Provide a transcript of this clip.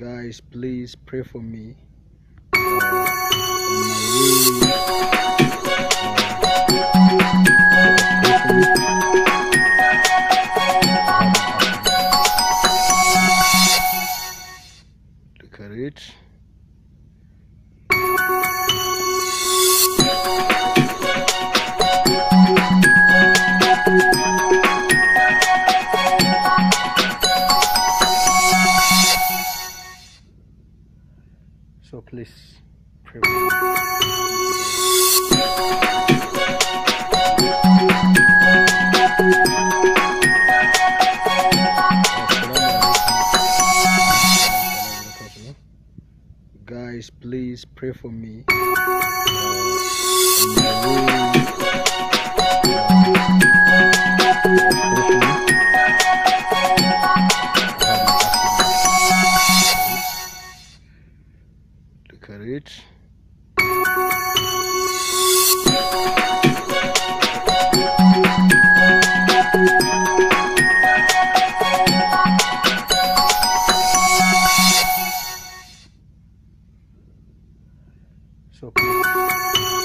guys please pray for me look at it so please pray guys please pray for me at it so